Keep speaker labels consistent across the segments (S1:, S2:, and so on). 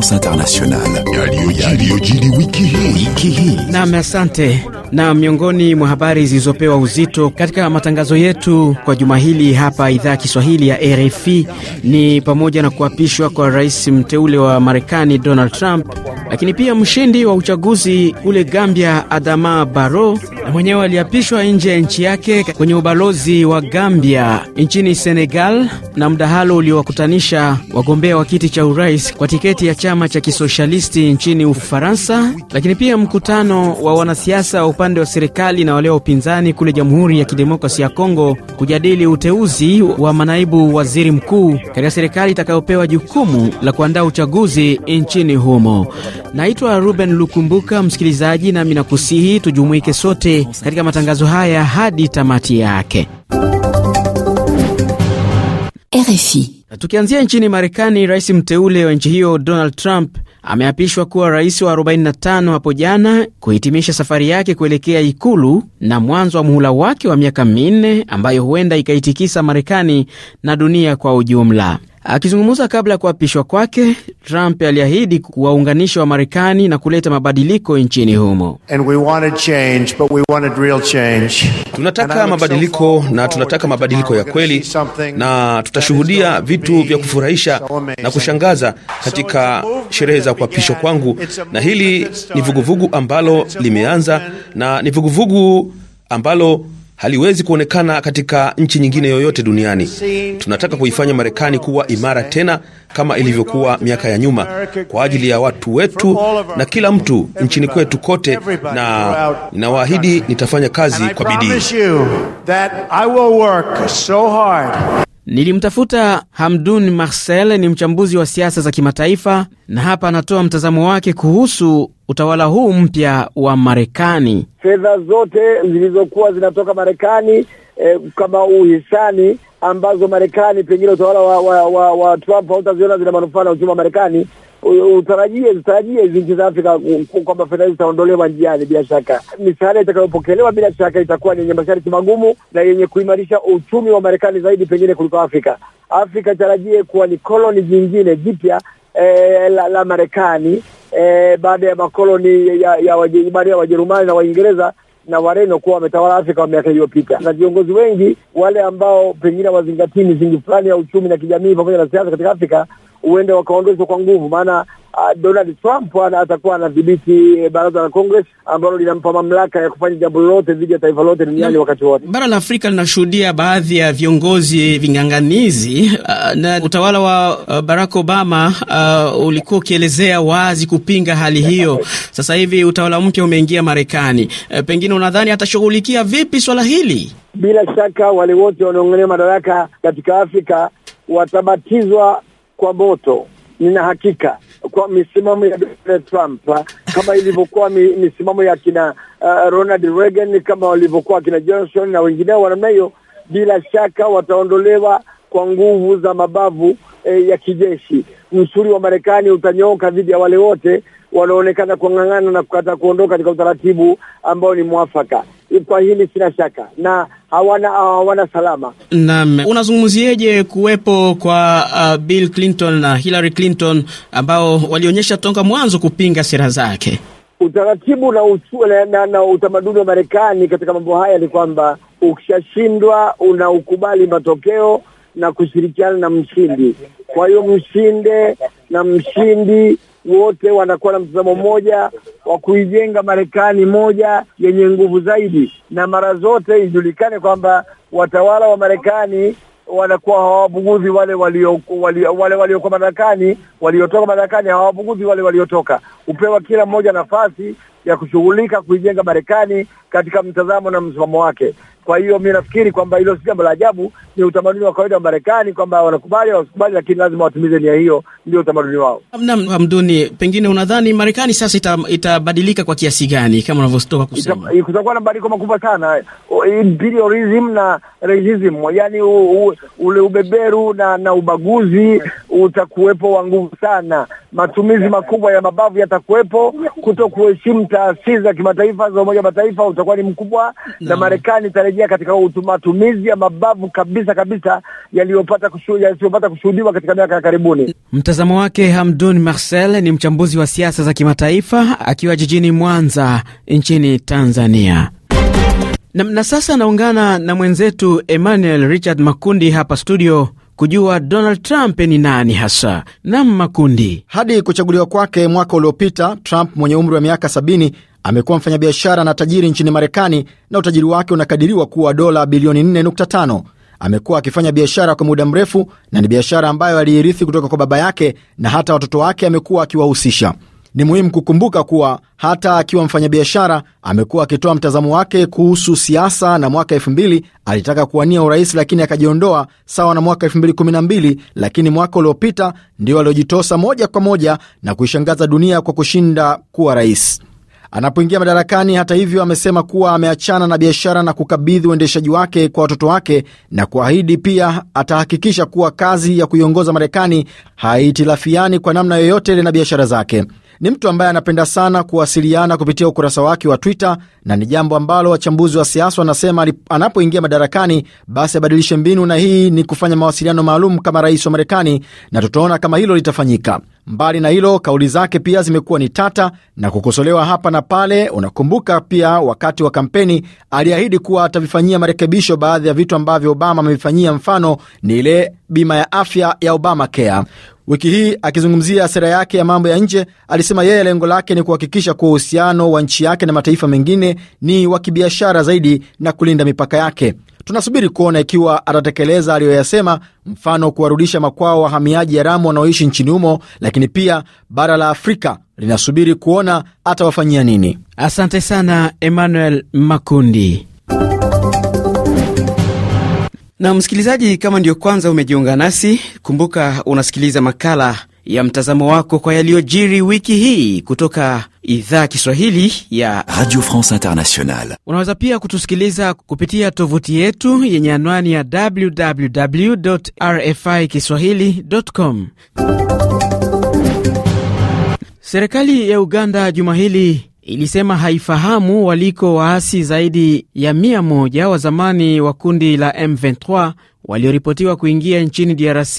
S1: France Internationale. Yaliyojiri asante. Na miongoni mwa habari zilizopewa uzito katika matangazo yetu kwa juma hili hapa idhaa ya Kiswahili ya RFI ni pamoja na kuapishwa kwa rais mteule wa Marekani Donald Trump lakini pia mshindi wa uchaguzi ule Gambia, Adama Baro, na mwenyewe aliapishwa nje ya nchi yake kwenye ubalozi wa Gambia nchini Senegal, na mdahalo uliowakutanisha wagombea wa kiti cha urais kwa tiketi ya chama cha kisoshalisti nchini Ufaransa, lakini pia mkutano wa wanasiasa wa upande wa serikali na wale wa upinzani kule Jamhuri ya Kidemokrasia ya Kongo kujadili uteuzi wa manaibu waziri mkuu katika serikali itakayopewa jukumu la kuandaa uchaguzi nchini humo. Naitwa Ruben Lukumbuka, msikilizaji, nami nakusihi tujumuike sote katika matangazo haya hadi tamati yake. RFI. Tukianzia nchini Marekani, rais mteule wa nchi hiyo Donald Trump ameapishwa kuwa rais wa 45 hapo jana, kuhitimisha safari yake kuelekea ikulu na mwanzo wa muhula wake wa miaka minne ambayo huenda ikaitikisa Marekani na dunia kwa ujumla. Akizungumza kabla ya kuapishwa kwake, Trump aliahidi kuwaunganisha Wamarekani na kuleta mabadiliko nchini humo. change, tunataka mabadiliko na tunataka mabadiliko ya kweli, na tutashuhudia vitu vya kufurahisha na kushangaza katika sherehe za kuapishwa kwangu, na hili ni vuguvugu ambalo limeanza na ni vuguvugu ambalo haliwezi kuonekana katika nchi nyingine yoyote duniani. Tunataka kuifanya Marekani kuwa imara tena kama ilivyokuwa miaka ya nyuma, kwa ajili ya watu wetu na kila mtu nchini kwetu kote, na ninawaahidi nitafanya kazi kwa bidii. Nilimtafuta Hamdun Marcel, ni mchambuzi wa siasa za kimataifa, na hapa anatoa mtazamo wake kuhusu utawala huu mpya wa Marekani.
S2: Fedha zote zilizokuwa zinatoka Marekani eh, kama uhisani ambazo Marekani pengine utawala wa, wa, wa, wa Trump hautaziona zina manufaa na uchumi wa Marekani utarajie zitarajie hizi nchi za Afrika kwamba fedha hizi zitaondolewa njiani. Bila shaka misaada itakayopokelewa bila shaka itakuwa yenye masharti magumu na yenye kuimarisha uchumi wa Marekani zaidi pengine kuliko Afrika. Afrika itarajie kuwa ni koloni jingine jipya eh, la, la Marekani eh, baada ya makoloni ya, ya, ya Wajerumani na Waingereza na Wareno kuwa wametawala Afrika wa miaka iliyopita, na viongozi wengi wale ambao pengine wazingatii misingi fulani ya uchumi na kijamii pamoja na siasa katika Afrika huenda wakaondoshwa kwa nguvu, maana uh, Donald Trump atakuwa anadhibiti eh, baraza la Congress ambalo linampa mamlaka ya kufanya jambo lolote
S1: dhidi ya taifa lote duniani wakati wote. Bara la Afrika linashuhudia baadhi ya viongozi eh, ving'ang'anizi uh, na utawala wa uh, Barack Obama uh, ulikuwa ukielezea wazi kupinga hali hiyo. Sasa hivi utawala mpya umeingia Marekani, uh, pengine unadhani atashughulikia vipi swala hili?
S2: Bila shaka wale wote wanaong'ania madaraka katika Afrika watabatizwa kwa moto. Nina hakika kwa misimamo ya Donald Trump kama ilivyokuwa misimamo ya kina uh, Ronald Reagan, kama walivyokuwa kina Johnson na wengineo wa hiyo, bila shaka wataondolewa kwa nguvu za mabavu eh, ya kijeshi. Msuri wa Marekani utanyooka dhidi ya wale wote wanaonekana kung'ang'ana na kukata kuondoka katika utaratibu ambao ni mwafaka. Kwa hili sina shaka na hawana hawana salama.
S1: Naam, unazungumzieje kuwepo kwa uh, Bill Clinton na Hillary Clinton ambao walionyesha tonga mwanzo kupinga sera zake?
S2: Utaratibu na, usu, na, na, na utamaduni wa Marekani katika mambo haya ni kwamba ukishashindwa unaukubali matokeo na kushirikiana na mshindi. Kwa hiyo mshinde na mshindi wote wanakuwa na mtazamo mmoja wa kuijenga Marekani moja yenye nguvu zaidi, na mara zote ijulikane kwamba watawala wa Marekani wanakuwa hawabuguzi wale waliokuwa wali, wale madarakani waliotoka madarakani hawabuguzi wale waliotoka, hupewa kila mmoja nafasi ya kushughulika kuijenga Marekani katika mtazamo na msimamo wake. Kwa hiyo mi nafikiri kwamba hilo si jambo la ajabu, ni utamaduni wa kawaida wa Marekani kwamba wanakubali wasikubali, lakini lazima watumize nia hiyo, ndio utamaduni wao.
S1: Naam, Hamduni, pengine unadhani Marekani sasa ita, itabadilika kwa kiasi gani? Kama unavyotoka
S2: kusema, kutakuwa na mabadiliko makubwa sana, imperialism na racism, u, ule ubeberu na, na ubaguzi utakuwepo wa nguvu sana, matumizi makubwa ya mabavu yatakuwepo, kuto kuheshimu taasisi za kimataifa za Umoja Mataifa utakuwa ni mkubwa no. na Marekani itarejea katika matumizi ya mabavu kabisa kabisa yaliyopata yasiyopata kushuhudiwa katika miaka ya karibuni.
S1: Mtazamo wake Hamdun Marcel ni mchambuzi wa siasa za kimataifa akiwa jijini Mwanza nchini Tanzania. Na, na sasa naungana na mwenzetu Emmanuel Richard Makundi hapa studio kujua Donald Trump ni nani hasa na makundi. Hadi kuchaguliwa kwake
S3: mwaka uliopita, Trump mwenye umri wa miaka 70 amekuwa mfanyabiashara na tajiri nchini Marekani, na utajiri wake unakadiriwa kuwa dola bilioni 4.5. Amekuwa akifanya biashara kwa muda mrefu na ni biashara ambayo aliirithi kutoka kwa baba yake, na hata watoto wake amekuwa akiwahusisha ni muhimu kukumbuka kuwa hata akiwa mfanyabiashara amekuwa akitoa mtazamo wake kuhusu siasa, na mwaka 2000 alitaka kuwania urais lakini akajiondoa, sawa na mwaka 2012. Lakini mwaka uliopita ndio aliojitosa moja kwa moja na kuishangaza dunia kwa kushinda kuwa rais anapoingia madarakani. Hata hivyo, amesema kuwa ameachana na biashara na kukabidhi uendeshaji wake kwa watoto wake na kuahidi pia atahakikisha kuwa kazi ya kuiongoza Marekani haitilafiani kwa namna yoyote ile na biashara zake. Ni mtu ambaye anapenda sana kuwasiliana kupitia ukurasa wake wa Twitter na ni jambo ambalo wachambuzi wa siasa wanasema anapoingia madarakani basi abadilishe mbinu, na hii ni kufanya mawasiliano maalum kama rais wa Marekani, na tutaona kama hilo litafanyika. Mbali na hilo, kauli zake pia zimekuwa ni tata na kukosolewa hapa na pale. Unakumbuka pia wakati wa kampeni aliahidi kuwa atavifanyia marekebisho baadhi ya vitu ambavyo Obama amevifanyia, mfano ni ile bima ya afya ya Obamacare. Wiki hii akizungumzia sera yake ya mambo ya nje, alisema yeye lengo lake ni kuhakikisha kuwa uhusiano wa nchi yake na mataifa mengine ni wa kibiashara zaidi na kulinda mipaka yake. Tunasubiri kuona ikiwa atatekeleza aliyoyasema, mfano kuwarudisha makwao wahamiaji haramu wanaoishi nchini humo, lakini pia bara la Afrika
S1: linasubiri kuona atawafanyia nini. Asante sana Emmanuel Makundi. Na msikilizaji, kama ndiyo kwanza umejiunga nasi, kumbuka unasikiliza makala ya mtazamo wako kwa yaliyojiri wiki hii kutoka idhaa Kiswahili ya Radio France Internationale. Unaweza pia kutusikiliza kupitia tovuti yetu yenye anwani ya www RFI kiswahilicom. Serikali ya Uganda juma hili ilisema haifahamu waliko waasi zaidi ya 1 wa zamani wa kundi la M23 walioripotiwa kuingia nchini DRC,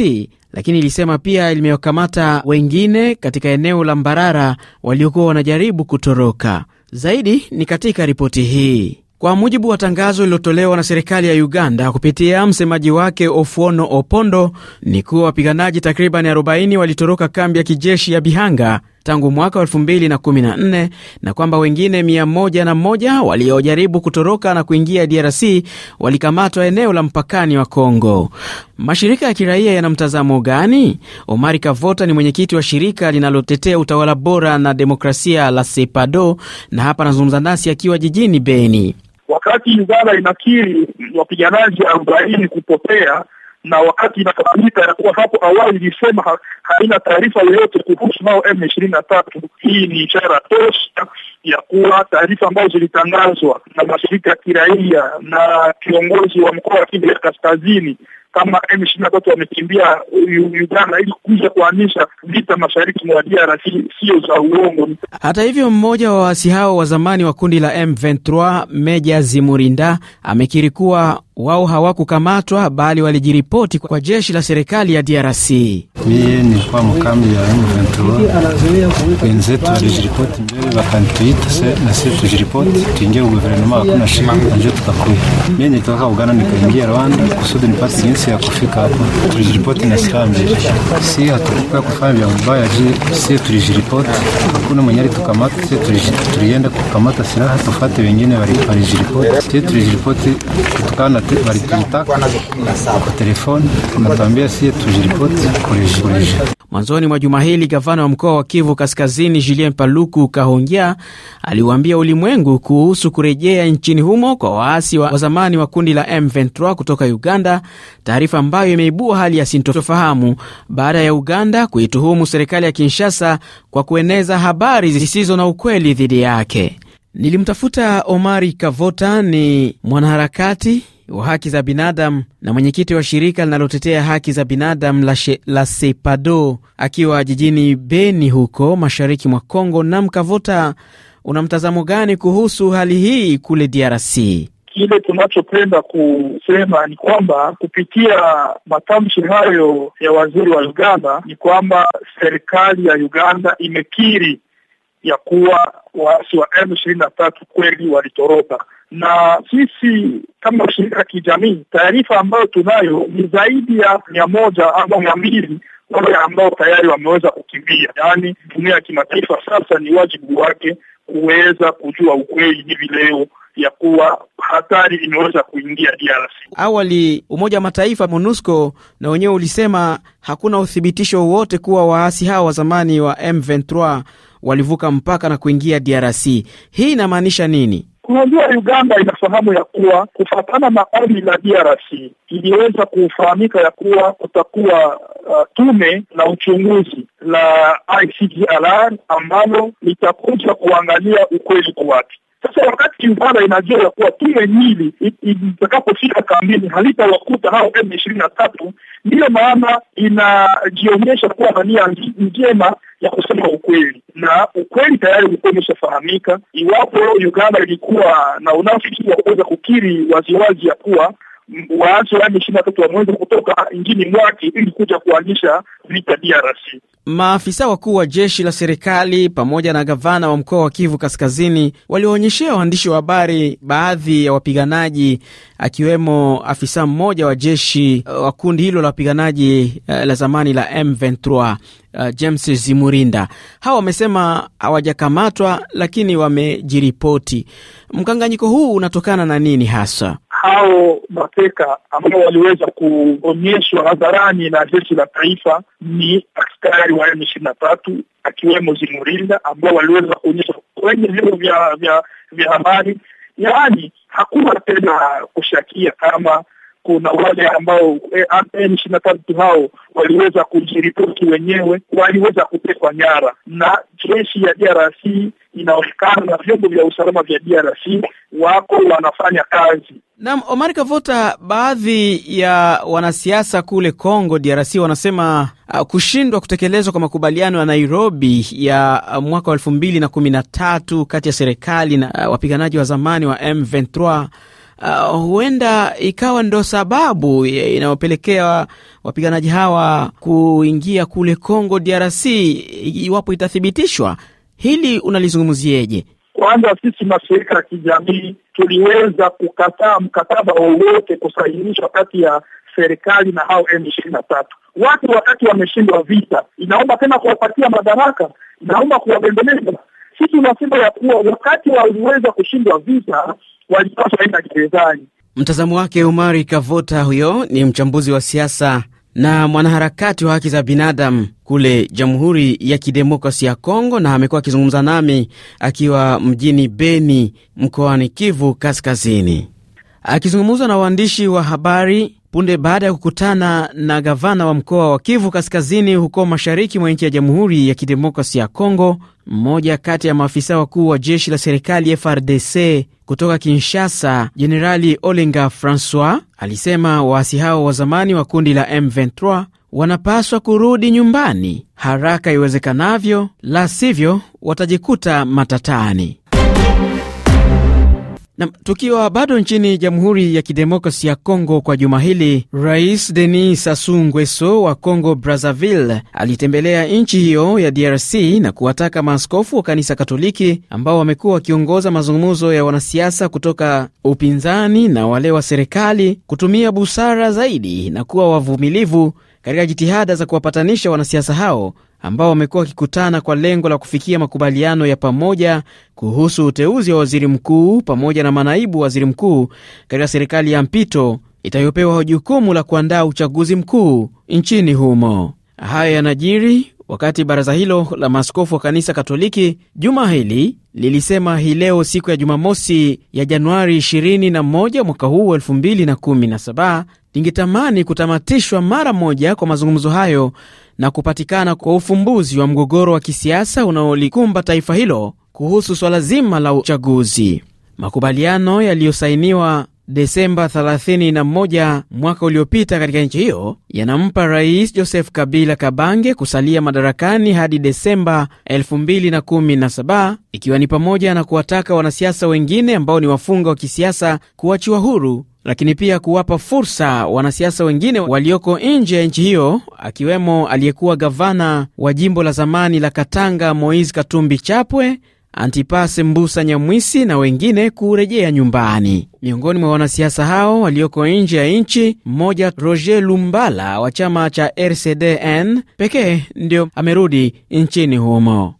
S1: lakini ilisema pia limewakamata wengine katika eneo la Mbarara waliokuwa wanajaribu kutoroka. Zaidi ni katika ripoti hii. Kwa mujibu wa tangazo lililotolewa na serikali ya Uganda kupitia msemaji wake Ofuono Opondo, ni kuwa wapiganaji takribani 40 walitoroka kambi ya kijeshi ya Bihanga tangu mwaka 2014 na kwamba wengine 101 waliojaribu kutoroka na kuingia DRC walikamatwa eneo la mpakani wa congo Mashirika ya kiraia yana mtazamo gani? Omari Kavota ni mwenyekiti wa shirika linalotetea utawala bora na demokrasia la SEPADO na hapa anazungumza nasi akiwa jijini Beni.
S4: Wakati Uganda inakiri wapiganaji arobaini kupotea na wakati inakamilika ya kuwa hapo awali ilisema ha, haina taarifa yoyote kuhusu nao M23. Hii ni ishara tosha ya kuwa taarifa ambazo zilitangazwa na mashirika ya kiraia na kiongozi wa mkoa wa Kivu ya Kaskazini kama M23 wamekimbia Uganda ili kuja kuhamisha vita mashariki mwa DRC sio za
S1: uongo. Hata hivyo, mmoja wa waasi hao wa zamani wa kundi la M23 Meja Zimurinda amekiri kuwa wao hawakukamatwa bali walijiripoti kwa jeshi la serikali ya DRC. Mimi
S3: nilikuwa mkambi ya M23, wenzetu walijiripoti mbele, wakanituita na sisi tujiripoti, tuingie guvernema, hakuna shida, njo tukakuya. Mimi nitoka Uganda nikaingia Rwanda kusudi nipate fursa ya kufika hapa. Tulijiripoti na silaha si hatukuwa kufanya vya mbaya, si tulijiripoti, hakuna mwenye alitukamata, si tulienda kukamata silaha tufate, wengine walijiripoti, si tulijiripoti kutukana, walitutaka kwa telefoni, unatuambia
S1: si tujiripoti kulijiripoti. Mwanzoni mwa juma hili gavana wa mkoa wa Kivu Kaskazini Julien Paluku Kahongya aliwaambia ulimwengu kuhusu kurejea nchini humo kwa waasi wa zamani wa kundi la M23 kutoka Uganda taarifa ambayo imeibua hali ya sintofahamu baada ya Uganda kuituhumu serikali ya Kinshasa kwa kueneza habari zisizo na ukweli dhidi yake. Nilimtafuta Omari Kavota, ni mwanaharakati wa haki za binadamu na mwenyekiti wa shirika linalotetea haki za binadamu la, la SEPADO akiwa jijini Beni huko mashariki mwa congo Nam Kavota, una mtazamo gani kuhusu hali hii kule DRC?
S4: Kile tunachopenda kusema ni kwamba kupitia matamshi hayo ya waziri wa Uganda ni kwamba serikali ya Uganda imekiri ya kuwa waasi wa M ishirini na tatu kweli walitoroka, na sisi kama shirika la kijamii, taarifa ambayo tunayo ni zaidi ya mia moja ama mia mbili wale ambao tayari wameweza kukimbia. Yaani, jumuiya ya kimataifa sasa ni wajibu wake kuweza kujua ukweli hivi leo ya kuwa hatari imeweza kuingia DRC.
S1: Awali Umoja wa Mataifa MONUSCO na wenyewe ulisema hakuna uthibitisho wowote kuwa waasi hao wa zamani wa M23 walivuka mpaka na kuingia DRC. Hii inamaanisha nini? Unajua, Uganda inafahamu
S4: ya kuwa kufatana na ombi la DRC iliweza kufahamika ya kuwa kutakuwa uh, tume na uchunguzi la ICGLR ambalo litakuja kuangalia ukweli kwa watu sasa wakati Uganda inajua ya kuwa tume nyingi itakapofika kambini halitawakuta hao M ishirini na tatu, ndiyo maana inajionyesha kuwa na nia njema ya kusema ukweli, na ukweli tayari ulikuwa umeshafahamika. Iwapo Uganda ilikuwa na unafiki wa kuweza kukiri waziwazi ya kuwa waasi wa M23 wameweza kutoka nchini mwake ili kuja kuanzisha vita
S1: DRC. Maafisa wakuu wa jeshi la serikali pamoja na gavana wa mkoa wa Kivu Kaskazini waliwaonyeshea waandishi wa habari baadhi ya wapiganaji, akiwemo afisa mmoja wa jeshi wa kundi hilo la wapiganaji eh, la zamani la M23 eh, James Zimurinda. Hawa wamesema hawajakamatwa, lakini wamejiripoti. Mkanganyiko huu unatokana na nini hasa?
S4: hao mateka ambao waliweza kuonyeshwa hadharani na jeshi la taifa ni askari wa M ishirini na tatu akiwemo Zimurinda ambao waliweza kuonyeshwa kwenye vyombo vya vya habari, yaani hakuna tena kushakia kama kuna wale ambao eh, M ishirini na tatu hao waliweza kujiripoti wenyewe, waliweza kutekwa nyara na jeshi ya DRC. Inaonekana na vyombo vya usalama vya DRC wako wanafanya
S1: kazi. Naam, Omar Kavota, baadhi ya wanasiasa kule Congo DRC wanasema uh, kushindwa kutekelezwa kwa makubaliano ya Nairobi ya uh, mwaka wa elfu mbili na kumi na tatu kati ya serikali na uh, wapiganaji wa zamani wa M23 uh, huenda ikawa ndo sababu inayopelekea wapiganaji hawa kuingia kule Congo DRC iwapo itathibitishwa. Hili unalizungumzieje? Kwanza sisi mashirika ya kijamii tuliweza
S4: kukataa mkataba wowote kusainishwa kati ya serikali na hao M23. Watu wakati wameshindwa vita, inaomba tena kuwapatia madaraka, inaomba kuwabembeleza. Sisi tunasema ya kuwa wakati waliweza kushindwa vita, walikuwa
S1: gerezani. Mtazamo wake umari Kavota, huyo ni mchambuzi wa siasa na mwanaharakati wa haki za binadamu kule Jamhuri ya Kidemokrasi ya Kongo, na amekuwa akizungumza nami akiwa mjini Beni mkoani Kivu Kaskazini. Akizungumza na waandishi wa habari punde baada ya kukutana na gavana wa mkoa wa Kivu Kaskazini huko mashariki mwa nchi ya Jamhuri ya Kidemokrasi ya Kongo, mmoja kati ya maafisa wakuu wa jeshi la serikali FRDC kutoka Kinshasa, Jenerali Olinga Francois alisema waasi hao wa zamani wa kundi la M23 wanapaswa kurudi nyumbani haraka iwezekanavyo, la sivyo watajikuta matatani. Na tukiwa bado nchini Jamhuri ya Kidemokrasi ya Kongo, kwa juma hili, Rais Denis Sassou Nguesso wa congo Brazzaville alitembelea nchi hiyo ya DRC na kuwataka maaskofu wa kanisa Katoliki ambao wamekuwa wakiongoza mazungumzo ya wanasiasa kutoka upinzani na wale wa serikali kutumia busara zaidi na kuwa wavumilivu katika jitihada za kuwapatanisha wanasiasa hao ambao wamekuwa wakikutana kwa lengo la kufikia makubaliano ya pamoja kuhusu uteuzi wa waziri mkuu pamoja na manaibu waziri mkuu katika serikali ya mpito itayopewa jukumu la kuandaa uchaguzi mkuu nchini humo. Hayo yanajiri wakati baraza hilo la maaskofu wa kanisa Katoliki juma hili lilisema hii leo siku ya Jumamosi ya Januari 21 mwaka huu 2017 lingetamani kutamatishwa mara moja kwa mazungumzo hayo na kupatikana kwa ufumbuzi wa mgogoro wa kisiasa unaolikumba taifa hilo kuhusu swala zima la uchaguzi. Makubaliano yaliyosainiwa Desemba 31 mwaka uliopita katika nchi hiyo yanampa Rais Joseph Kabila Kabange kusalia madarakani hadi Desemba 2017 ikiwa ni pamoja na kuwataka wanasiasa wengine ambao ni wafunga wa kisiasa kuachiwa huru lakini pia kuwapa fursa wanasiasa wengine walioko nje ya nchi hiyo, akiwemo aliyekuwa gavana wa jimbo la zamani la Katanga Moise Katumbi Chapwe, Antipas Mbusa Nyamwisi na wengine kurejea nyumbani. Miongoni mwa wanasiasa hao walioko nje ya nchi, mmoja Roger Lumbala wa chama cha RCDN pekee ndio amerudi nchini humo.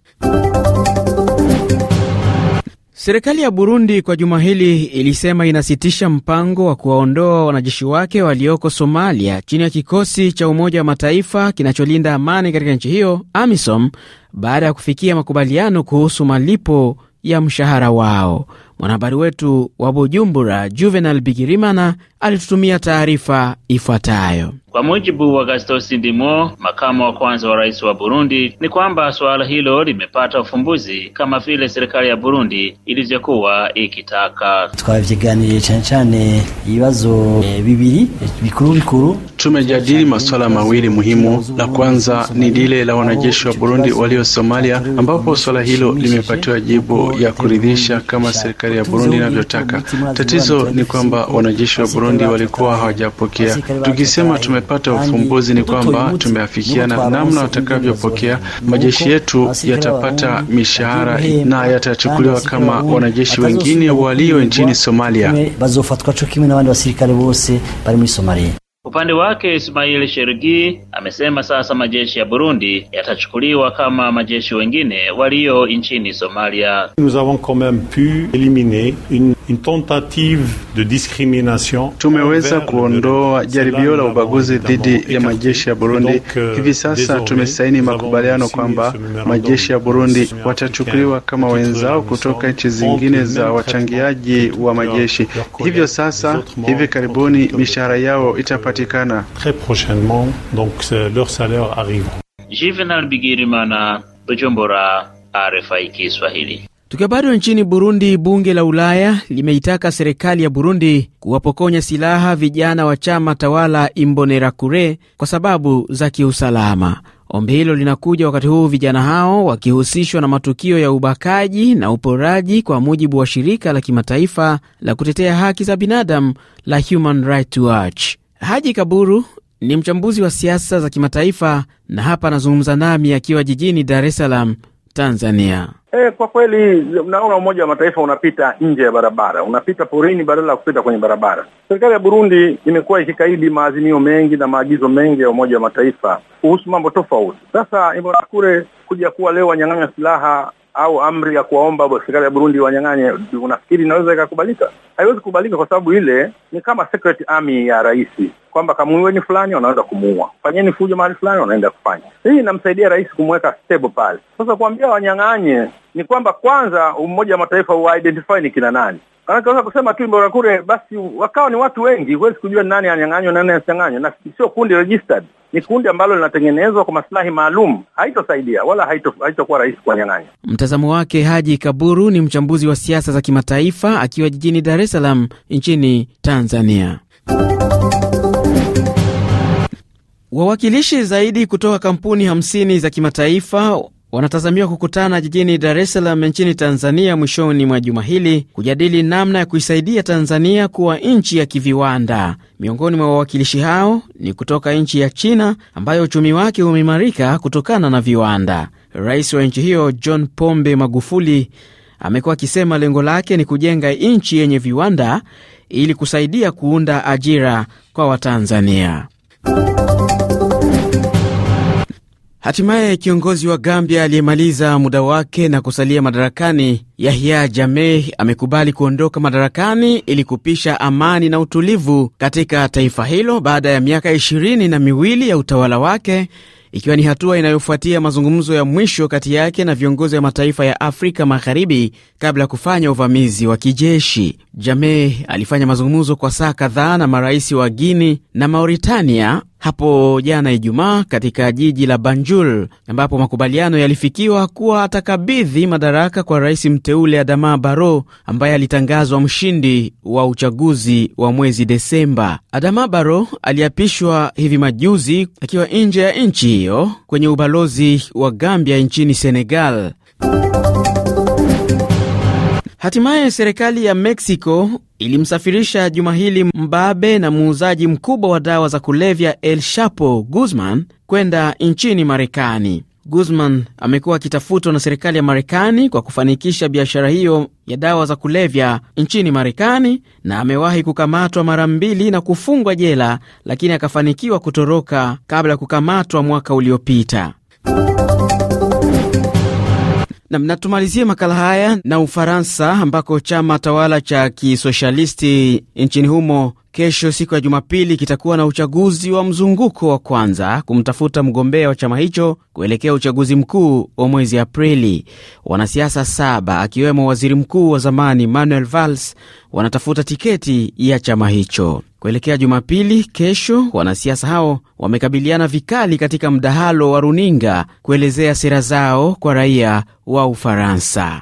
S1: Serikali ya Burundi kwa juma hili ilisema inasitisha mpango wa kuwaondoa wanajeshi wake walioko Somalia chini ya kikosi cha Umoja wa Mataifa kinacholinda amani katika nchi hiyo, AMISOM, baada ya kufikia makubaliano kuhusu malipo ya mshahara wao. Mwanahabari wetu wa Bujumbura, Juvenal Bigirimana, alitutumia taarifa ifuatayo. Kwa mujibu wa Gaston Sindimo, makamu wa kwanza wa rais wa Burundi, ni kwamba suala hilo limepata ufumbuzi kama vile serikali ya Burundi ilivyokuwa ikitaka.
S2: twavyiganiye chane chane ibibazo eh, bibiri eh, bikuru bikuru.
S1: Tumejadili masuala mawili
S2: muhimu, la kwanza ni lile la wanajeshi wa Burundi walio Somalia, ambapo suala hilo limepatiwa jibu ya kuridhisha kama serikali ya Burundi inavyotaka. Tatizo ni kwamba wanajeshi wa Burundi Burundi walikuwa hawajapokea. Tukisema tumepata ufumbuzi, ni kwamba tumeafikiana namna watakavyopokea. Majeshi yetu yatapata mishahara na yatachukuliwa kama wanajeshi wengine walio nchini Somalia.
S1: Upande wake Ismail Sherigi amesema sasa majeshi ya Burundi yatachukuliwa kama majeshi wengine walio nchini Somalia. Nous avons quand même pu éliminer une Tumeweza kuondoa jaribio la ubaguzi dhidi ya majeshi ya
S4: Burundi. Euh, hivi sasa tumesaini makubaliano kwamba majeshi ya Burundi watachukuliwa kama wenzao
S1: kutoka nchi zingine za wachangiaji wa majeshi. Hivyo sasa, hivi karibuni mishahara yao itapatikana. Euh, Juvenal Bigirimana, Bujumbura, RFI Kiswahili. Tukiwa bado nchini Burundi, bunge la Ulaya limeitaka serikali ya Burundi kuwapokonya silaha vijana wa chama tawala Imbonerakure kwa sababu za kiusalama. Ombi hilo linakuja wakati huu vijana hao wakihusishwa na matukio ya ubakaji na uporaji, kwa mujibu wa shirika la kimataifa la kutetea haki za binadamu la Human Rights Watch. Haji Kaburu ni mchambuzi wa siasa za kimataifa na hapa anazungumza nami akiwa jijini Dar es Salaam Tanzania.
S2: E, kwa kweli naona Umoja wa Mataifa unapita nje ya barabara, unapita porini badala ya kupita kwenye barabara. Serikali ya Burundi imekuwa ikikaidi maazimio mengi na maagizo mengi ya Umoja wa Mataifa kuhusu mambo tofauti. Sasa Imbonerakure kuja kuwa leo wanyang'anywa silaha au amri ya kuwaomba serikali ya Burundi wanyang'anye, unafikiri inaweza ikakubalika? Haiwezi kukubalika, kwa sababu ile ni kama secret army ya rais, kwamba kamuueni fulani, wanaweza kumuua, fanyeni fujo mahali fulani, wanaenda kufanya. Hii inamsaidia rais kumweka stable pale. Sasa kuambia wanyang'anye ni kwamba kwanza Umoja wa Mataifa uidentify ni kina nani, Anaweza kusema tu Mbora Kure basi wakawa ni watu wengi, huwezi kujua nani anyang'anywa na nani asinyang'anywe, na sio kundi registered, ni kundi ambalo linatengenezwa kwa maslahi maalum. Haitosaidia wala haitokuwa haito rahisi kuwanyang'anya.
S1: Mtazamo wake Haji Kaburu ni mchambuzi wa siasa za kimataifa akiwa jijini Dar es Salaam nchini Tanzania. Wawakilishi zaidi kutoka kampuni 50 za kimataifa wanatazamiwa kukutana jijini Dar es Salaam nchini Tanzania mwishoni mwa juma hili kujadili namna ya kuisaidia Tanzania kuwa nchi ya kiviwanda. Miongoni mwa wawakilishi hao ni kutoka nchi ya China ambayo uchumi wake umeimarika kutokana na viwanda. Rais wa nchi hiyo John Pombe Magufuli amekuwa akisema lengo lake ni kujenga nchi yenye viwanda ili kusaidia kuunda ajira kwa Watanzania. Hatimaye kiongozi wa Gambia aliyemaliza muda wake na kusalia madarakani Yahya Jammeh amekubali kuondoka madarakani ili kupisha amani na utulivu katika taifa hilo baada ya miaka ishirini na miwili ya utawala wake, ikiwa ni hatua inayofuatia mazungumzo ya mwisho kati yake na viongozi wa mataifa ya Afrika Magharibi kabla ya kufanya uvamizi wa kijeshi. Jammeh alifanya mazungumzo kwa saa kadhaa na marais wa Guinea na Mauritania hapo jana Ijumaa katika jiji la Banjul ambapo makubaliano yalifikiwa kuwa atakabidhi madaraka kwa rais mteule Adama Barrow ambaye alitangazwa mshindi wa uchaguzi wa mwezi Desemba. Adama Barrow aliapishwa hivi majuzi akiwa nje ya nchi hiyo kwenye ubalozi wa Gambia nchini Senegal. Hatimaye serikali ya Mexico ilimsafirisha juma hili mbabe na muuzaji mkubwa wa dawa za kulevya El Chapo Guzman kwenda nchini Marekani. Guzman amekuwa akitafutwa na serikali ya Marekani kwa kufanikisha biashara hiyo ya dawa za kulevya nchini Marekani, na amewahi kukamatwa mara mbili na kufungwa jela, lakini akafanikiwa kutoroka kabla ya kukamatwa mwaka uliopita. Nam, natumalizie makala haya na Ufaransa ambako chama tawala cha kisoshalisti nchini humo kesho siku ya Jumapili kitakuwa na uchaguzi wa mzunguko wa kwanza kumtafuta mgombea wa chama hicho kuelekea uchaguzi mkuu wa mwezi Aprili. Wanasiasa saba akiwemo waziri mkuu wa zamani Manuel Valls wanatafuta tiketi ya chama hicho kuelekea Jumapili kesho. Wanasiasa hao wamekabiliana vikali katika mdahalo wa runinga kuelezea sera zao kwa raia wa Ufaransa.